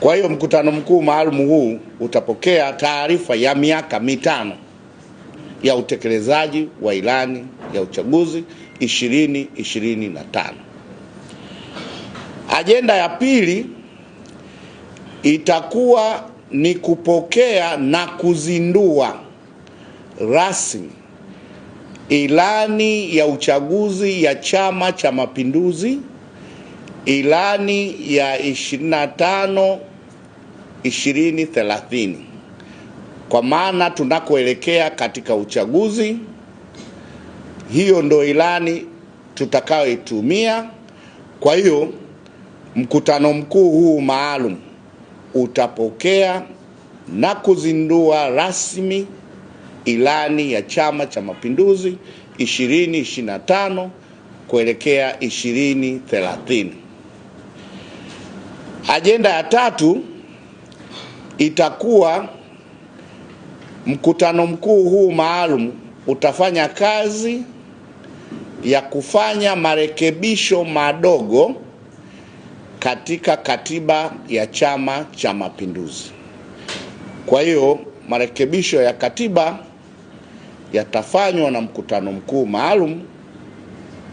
Kwa hiyo mkutano mkuu maalum huu utapokea taarifa ya miaka mitano ya utekelezaji wa ilani ya uchaguzi 2025. Ajenda ya pili itakuwa ni kupokea na kuzindua rasmi ilani ya uchaguzi ya Chama cha Mapinduzi, ilani ya 25 2030 kwa maana tunakoelekea katika uchaguzi. Hiyo ndo ilani tutakayoitumia. Kwa hiyo mkutano mkuu huu maalum utapokea na kuzindua rasmi ilani ya Chama cha Mapinduzi 2025 kuelekea 2030. Ajenda ya tatu itakuwa mkutano mkuu huu maalum utafanya kazi ya kufanya marekebisho madogo katika katiba ya Chama cha Mapinduzi. Kwa hiyo marekebisho ya katiba yatafanywa na mkutano mkuu maalum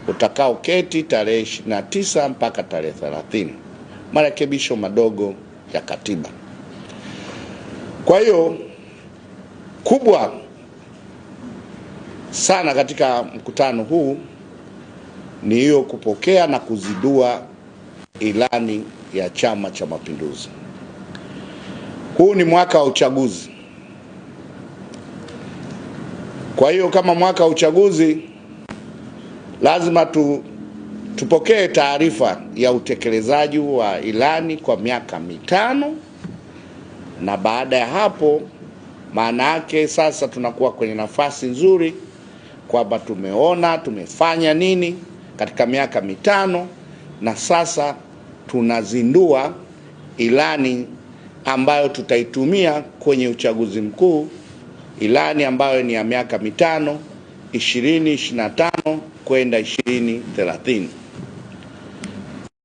utakaoketi tarehe 29 mpaka tarehe 30, marekebisho madogo ya katiba. Kwa hiyo kubwa sana katika mkutano huu ni hiyo kupokea na kuzidua ilani ya Chama cha Mapinduzi. Huu ni mwaka wa uchaguzi. Kwa hiyo kama mwaka wa uchaguzi lazima tu, tupokee taarifa ya utekelezaji wa ilani kwa miaka mitano na baada ya hapo, maana yake sasa tunakuwa kwenye nafasi nzuri kwamba tumeona tumefanya nini katika miaka mitano, na sasa tunazindua ilani ambayo tutaitumia kwenye uchaguzi mkuu, ilani ambayo ni ya miaka mitano 2025 kwenda 2030.